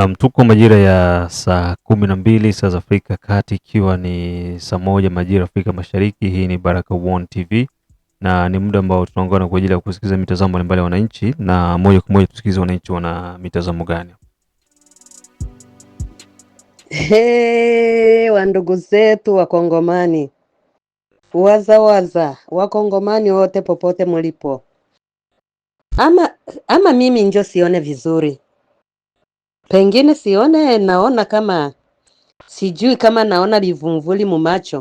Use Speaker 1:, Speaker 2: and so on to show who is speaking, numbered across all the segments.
Speaker 1: na mtuko majira ya saa kumi na mbili saa za Afrika Kati, ikiwa ni saa moja majira Afrika Mashariki. Hii ni Baraka One TV na ni muda ambao tunaungana kwa ajili ya kusikiliza mitazamo mbalimbali ya wananchi, na moja kwa moja tusikilize wananchi wana mitazamo gani.
Speaker 2: Hey, wandugu zetu Wakongomani, wazawaza Wakongomani wote popote mlipo, ama ama mimi njo sione vizuri Pengine sione, naona kama sijui kama naona livumvuli mumacho.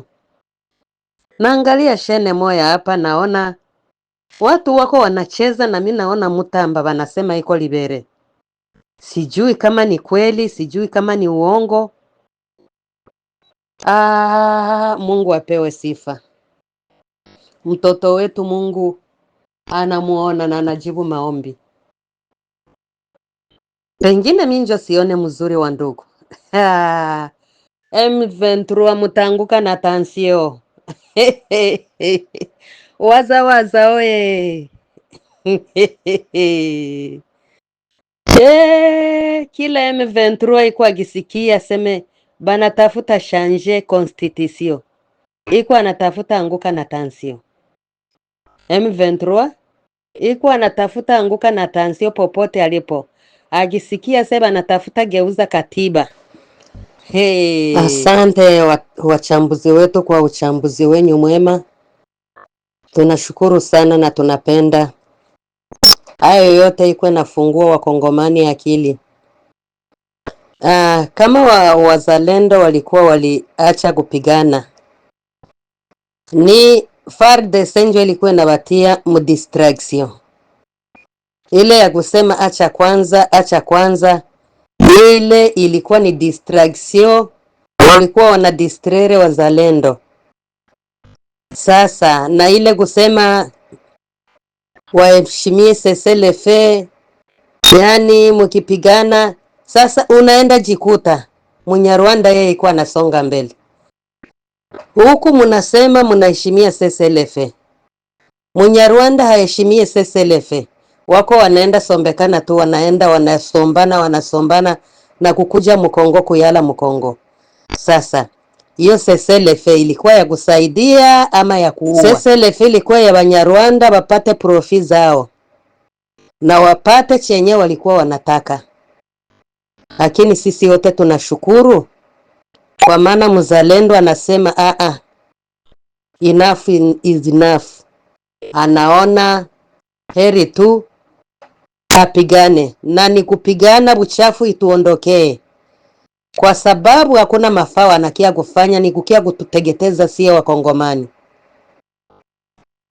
Speaker 2: Naangalia shene moya hapa, naona watu wako wanacheza, na mi naona mutamba wanasema iko libere. Sijui kama ni kweli, sijui kama ni uongo. Ah, Mungu apewe sifa. Mtoto wetu Mungu anamuona na anajibu maombi. Pengine minja sione mzuri wa ndugu M23 mutanguka na tansio waza waza oye Che, kila M23 iko agisikia aseme banatafuta shanje constitution iko anatafuta anguka na tansio. M23 iko anatafuta anguka na tansio popote alipo akisikia sema anatafuta geuza katiba. Hey.
Speaker 3: Asante wachambuzi wetu kwa uchambuzi wenyu mwema, tunashukuru sana na tunapenda hayo yote ikuwe nafungua wakongomani akili. Aa, ah, kama wa, wazalendo walikuwa waliacha kupigana ni FARDC njo ilikuwa inabatia mudistraction ile ya kusema acha kwanza, acha kwanza, ile ilikuwa ni distraction, walikuwa wana distrere wazalendo. Sasa na ile kusema waheshimie seselefe, yani mkipigana sasa, unaenda jikuta Munyarwanda yeye ikuwa anasonga mbele, huku munasema munaheshimia seselefe, Munyarwanda haheshimie seselefe wako wanaenda sombekana tu, wanaenda wanasombana, wanasombana na kukuja mkongo kuyala mkongo. Sasa hiyo seselefe ilikuwa ya kusaidia ama ya kuua? Seselefe ilikuwa ya wanyarwanda wapate profi zao na wapate chenye walikuwa wanataka, lakini sisi wote tunashukuru kwa maana mzalendo anasema aa, ah, ah, enough is enough, anaona heri tu apigane, na ni kupigana buchafu ituondokee, kwa sababu hakuna mafao anakia kufanya, ni kukia kututegeteza sie Wakongomani.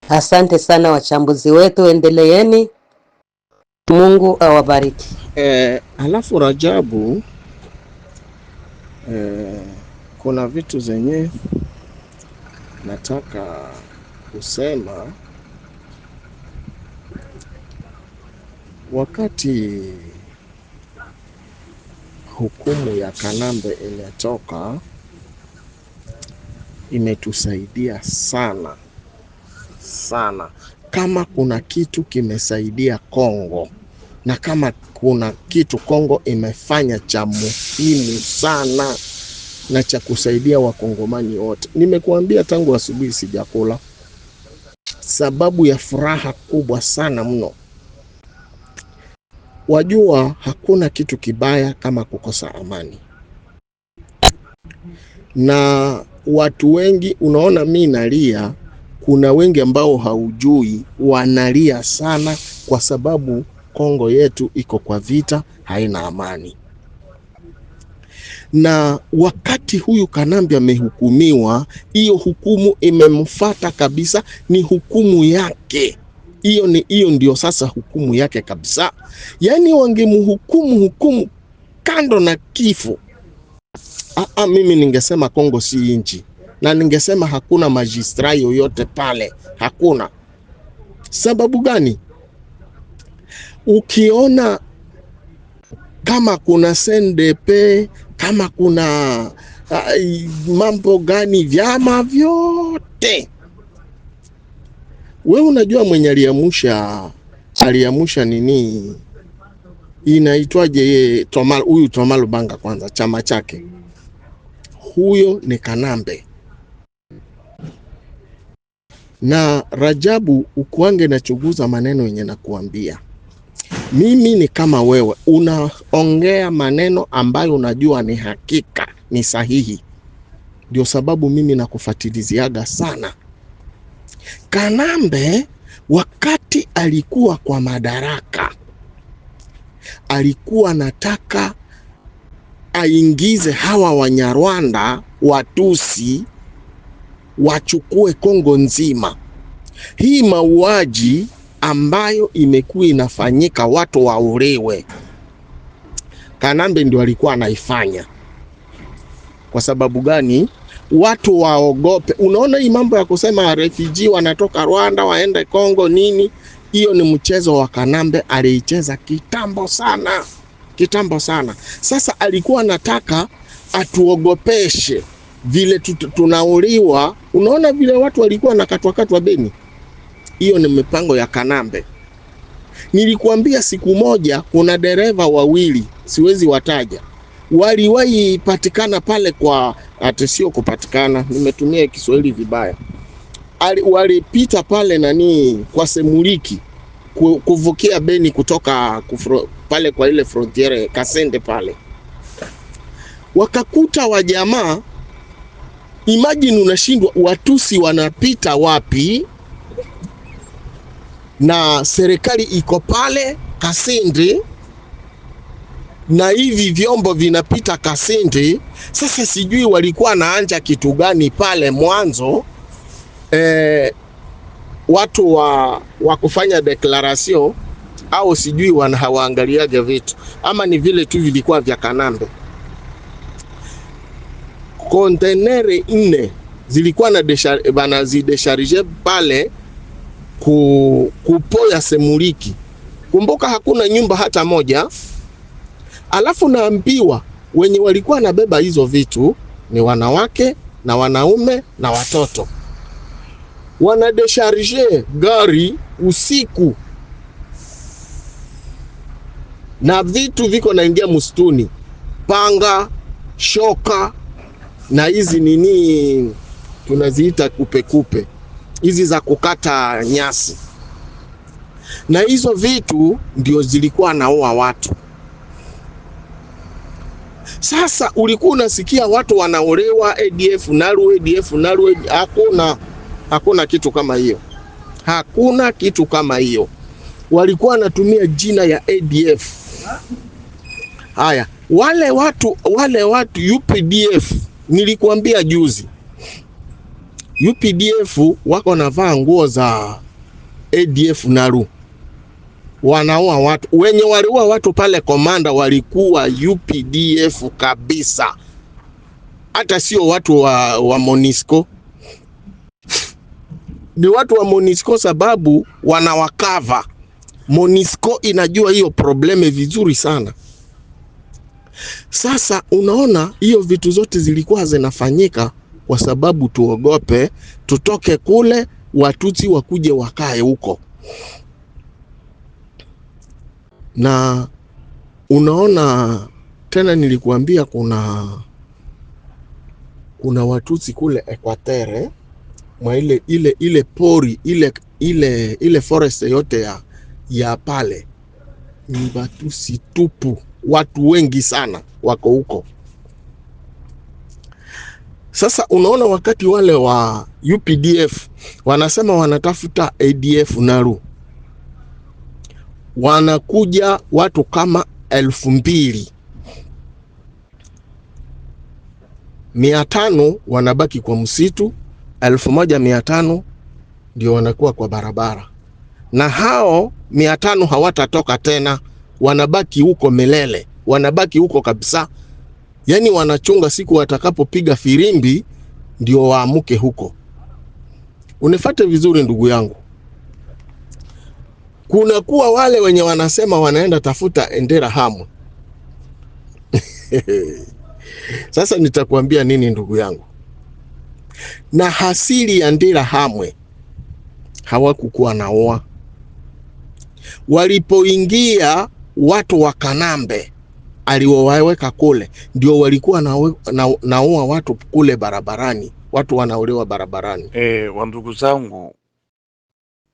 Speaker 3: Asante sana wachambuzi wetu, endeleeni. Mungu awabariki.
Speaker 4: Eh, alafu Rajabu, eh, kuna vitu zenye nataka kusema Wakati hukumu ya Kanambe imetoka, imetusaidia sana sana. Kama kuna kitu kimesaidia Kongo na kama kuna kitu Kongo imefanya cha muhimu sana na cha kusaidia wakongomani wote, nimekuambia tangu asubuhi sijakula, sababu ya furaha kubwa sana mno Wajua hakuna kitu kibaya kama kukosa amani, na watu wengi unaona, mi nalia, kuna wengi ambao haujui wanalia sana kwa sababu Kongo yetu iko kwa vita, haina amani. Na wakati huyu Kanambi amehukumiwa, hiyo hukumu imemfata kabisa, ni hukumu yake hiyo ni hiyo ndio sasa hukumu yake kabisa. Yaani wangemhukumu hukumu kando na kifo. Aa, ah, ah, mimi ningesema Kongo si nchi, na ningesema hakuna majistra yoyote pale, hakuna. Sababu gani? Ukiona kama kuna sndp kama kuna ay, ah, mambo gani, vyama vyote wewe unajua mwenye aliamusha aliamusha nini inaitwaje? Ye Tomal huyu Tomal Banga, kwanza chama chake huyo ni Kanambe na Rajabu ukuange nachunguza maneno yenye nakuambia mimi. Ni kama wewe unaongea maneno ambayo unajua ni hakika ni sahihi, ndio sababu mimi nakufatiliziaga sana. Kanambe wakati alikuwa kwa madaraka alikuwa anataka aingize hawa Wanyarwanda Watusi wachukue Kongo nzima. Hii mauaji ambayo imekuwa inafanyika, watu wauliwe, Kanambe ndio alikuwa anaifanya. Kwa sababu gani? watu waogope. Unaona hii mambo ya kusema refugee wanatoka Rwanda waende Kongo nini, hiyo ni mchezo wa Kanambe, aliicheza kitambo sana, kitambo sana. Sasa alikuwa anataka atuogopeshe vile tunauliwa. Unaona vile watu walikuwa katwa Beni, hiyo ni mipango ya Kanambe. Nilikuambia siku moja, kuna dereva wawili siwezi wataja waliwahi patikana pale kwa ati ah, sio kupatikana, nimetumia Kiswahili vibaya, walipita pale nani kwa Semuliki kuvukia Beni kutoka kufro, pale kwa ile frontiere Kasende pale wakakuta wajamaa. Imagine, unashindwa Watusi wanapita wapi na serikali iko pale Kasende na hivi vyombo vinapita Kasindi. Sasa sijui walikuwa naanja kitu gani pale mwanzo eh, watu wa, wa kufanya declaration au sijui wanawaangaliaje vitu ama ni vile tu vilikuwa vya Kanambe. Kontenere nne zilikuwa na banazidesharije pale ku, kupoya Semuliki. Kumbuka hakuna nyumba hata moja alafu naambiwa wenye walikuwa nabeba hizo vitu ni wanawake na wanaume na watoto, wanadesharge gari usiku na vitu viko naingia msituni, panga, shoka na hizi nini tunaziita kupekupe, hizi za kukata nyasi, na hizo vitu ndio zilikuwa naua watu. Sasa ulikuwa unasikia watu wanaolewa ADF Nalu, ADF Nalu, hakuna hakuna kitu kama hiyo, hakuna kitu kama hiyo. Walikuwa wanatumia jina ya ADF. Haya, wale watu wale watu UPDF, nilikuambia juzi, UPDF wako navaa nguo za ADF naru wanaua watu. Wenye waliua watu pale Komanda walikuwa UPDF kabisa, hata sio watu wa, wa Monisco. Ni watu wa Monisco sababu wanawakava. Monisco inajua hiyo probleme vizuri sana. Sasa unaona hiyo vitu zote zilikuwa zinafanyika kwa sababu tuogope tutoke kule, Watusi wakuje wakae huko na unaona tena, nilikuambia kuna kuna Watusi kule Ekwatere mwa ile, ile, ile pori ile, ile, ile forest yote ya, ya pale ni Watusi tupu, watu wengi sana wako huko. Sasa unaona wakati wale wa UPDF wanasema wanatafuta ADF naru wanakuja watu kama elfu mbili mia tano wanabaki kwa msitu, elfu moja mia tano ndio wanakuwa kwa barabara, na hao mia tano hawatatoka tena, wanabaki huko milele, wanabaki huko kabisa. Yani wanachunga siku watakapopiga firimbi ndio waamuke huko. Unifate vizuri ndugu yangu kuna kuwa wale wenye wanasema wanaenda tafuta endera hamwe Sasa nitakuambia nini ndugu yangu, na hasili ya ndera hamwe hawakukuwa na oa. Walipoingia watu wa Kanambe aliowaweka kule, ndio walikuwa na, na, naoa watu kule barabarani, watu wanaolewa barabarani.
Speaker 5: E, eh, wandugu zangu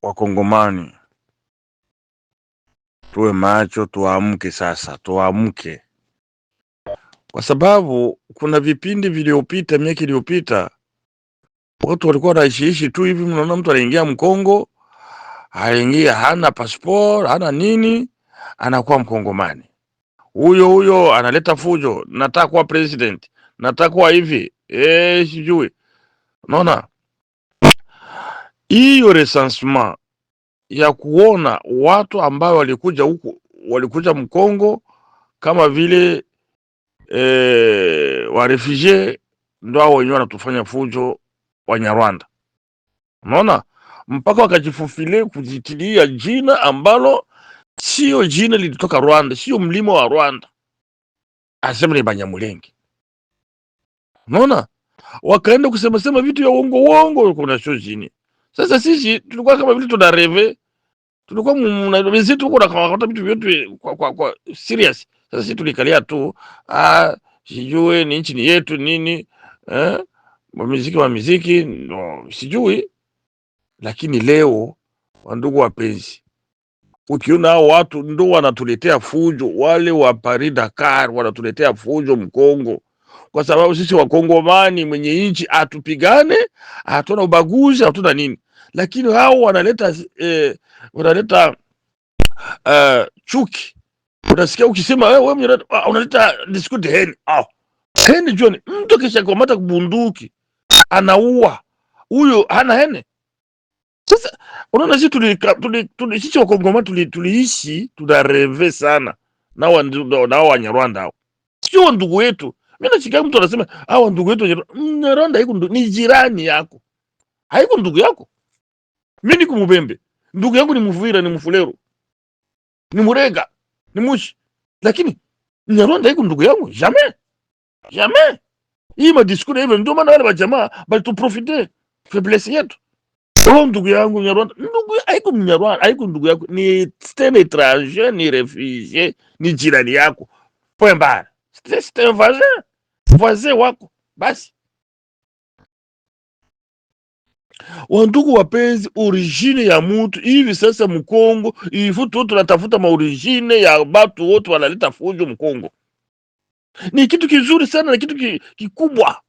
Speaker 5: Wakongomani tuwe macho, tuamke sasa, tuamke, kwa sababu kuna vipindi vilivyopita, miaka iliyopita, watu walikuwa wanaishiishi tu hivi. Mnaona mtu anaingia Mkongo, aingia hana passport, hana nini, anakuwa Mkongomani huyo huyo, analeta fujo, nataka kuwa president, nataka kuwa hivi eh, sijui. Unaona hiyo recensement ya kuona watu ambao walikuja huku walikuja Mkongo kama vile e, eh, warefugee ndo hao wenyewe wanatufanya fujo Wanyarwanda. Unaona, mpaka wakajifufile kujitilia jina ambalo sio jina lilitoka Rwanda, sio mlima wa Rwanda, asema ni Banyamulenge. Unaona, wakaenda kusemasema vitu ya uongo uongo, kuna sio jini sasa sisi tulikuwa kama vile tuna tunareve, tulikuwa Nairobi zetu huko tunakamakata vitu vyote kwa, kwa, kwa serious. Sasa sisi tulikalia tu, ah, sijui ni nchi ni yetu nini eh, wa muziki wa muziki no, sijui. Lakini leo wandugu wapenzi, ukiona hao watu ndo wanatuletea fujo, wale wa Paris Dakar wanatuletea fujo Mkongo kwa sababu sisi Wakongomani mwenye nchi atupigane, hatuna ubaguzi, hatuna nini lakini hao wanaleta eh, wanaleta uh, chuki. Unasikia ukisema eh, wewe wewe mwenye ah, unaleta diskuti heni au ah. heni John, mtu kisha kamata kubunduki anaua huyo, hana hene. Sasa unaona sisi tuli tuli tuli sisi wa Kongoma tuli tuliishi tunareve sana na wa na wa Nyarwanda hao, sio ndugu yetu. Mimi nasikia mtu anasema hao ah, ndugu yetu Nyarwanda, Nyarwanda hiku ni jirani yako, haiku ndugu yako. Mimi niko Mubembe, ndugu yangu ni Mvira, ni Mfuleru, ni Murega, ni Mushi, lakini Nyarwanda iko ndugu yangu jamais jamais. Hii madiskuri hivyo, ndio maana wale wajamaa balituprofite faiblesse yetu. Oh, ndugu yangu Nyarwanda, ndugu haiko Mnyarwanda, haiko ndugu yako, ni tena etranger, ni refugie ni jirani yako, point barre. un voisin, voisin wako basi. Wandugu wapenzi, origine ya mutu hivi sasa Mkongo ifu tu tunatafuta maorigine ya batu wote wanaleta fujo Mkongo ni kitu kizuri sana na kitu kikubwa.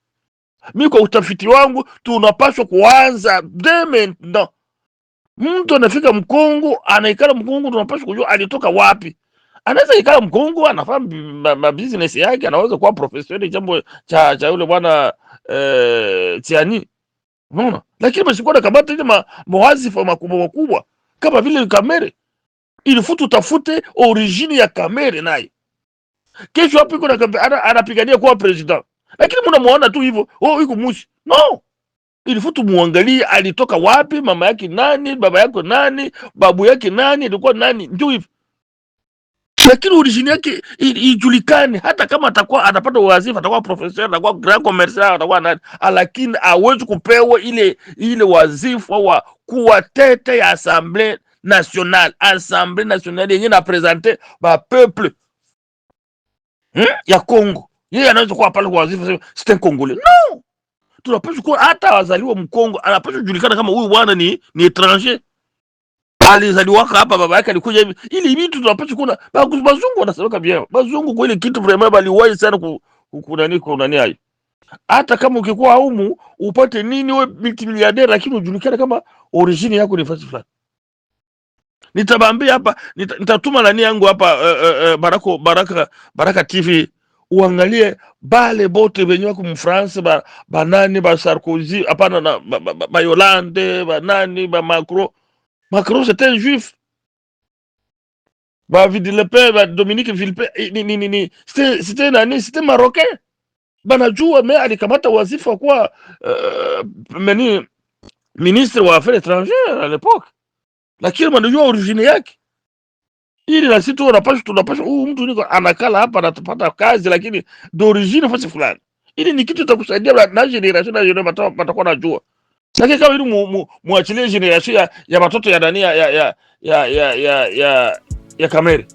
Speaker 5: Mi kwa utafiti wangu tunapaswa kuanza deme no. Mtu anafika Mkongo anaikala Mkongo, tunapaswa kujua alitoka wapi. Anaweza ikala Mkongo anafanya mabusiness yake, anaweza kuwa profesori jambo cha cha yule bwana eh, tiani Unaona? Lakini basi kwenda kamati ile ma, mawazifa makubwa makubwa kama vile Kamere. Ilifutu utafute origine ya Kamere naye. Kesho hapo iko na anapigania kuwa president. Lakini mnamuona tu hivyo, oh iko mushi. No. Ilifutu muangalie alitoka wapi, mama yake nani, baba yake nani, babu yake nani, alikuwa nani, ndio hivyo lakini orijini yake ijulikane. Hata kama atakuwa anapata wazifa, atakuwa professeur, atakuwa grand commercial, atakuwa nani, ah, lakini awezi kupewa ile ile wazifa wa kuwa tete ya assemblée nationale, assemblée nationale yenye na presente ba peuple hmm? ya Congo. Yeye anaweza kuwa pale kwa wazifa, c'est un congolais no. Tunapaswa kuwa hata wazaliwa mkongo, anapaswa kujulikana kama huyu bwana ni ni étranger alizaliwa hapa, baba yake alikuja hivi. Ili vitu tunapata kuna bazungu wanasemeka vyao, bazungu kwa ile kitu vraiment baliwahi sana ku kunani kuna nani hai. Hata kama ukikuwa haumu upate nini wewe multimillionaire, lakini ujulikane kama origini yako ni fasi fulani. Nitabambia hapa nitatuma nani yangu hapa uh, barako baraka Baraka TV uangalie bale bote benye wako mfrance ba nani ba Sarkozy hapana na ba, ba, ba, ba Yolande banani ba Macron Macron, c'est un juif. Bah, le bah, Dominique Villepin, eh, c'était un année, c'était marocain. Banajua, euh, mais alikamata wazifa quoi euh, ministre wa affaires étrangères à l'époque. Lakini mwanajua origine n'as pas, tu n'as pas, ou tu n'as pas, anakala ta case, la lakini d'origine fasi fulani. Ili ni kitu cha kusaidia na generation na watakuwa najua. Lakini kama hili mwachilie generation ya, ya watoto ya nani ya, ya, ya, ya, ya, ya, ya Kameri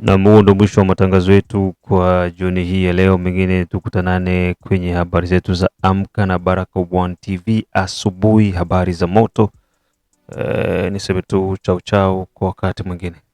Speaker 1: nam. Huo ndo mwisho wa matangazo yetu kwa jioni hii ya leo. Mengine tukutanane kwenye habari zetu za Amka na Baraka One TV asubuhi, habari za moto. Uh, niseme tu chau chau kwa wakati mwingine.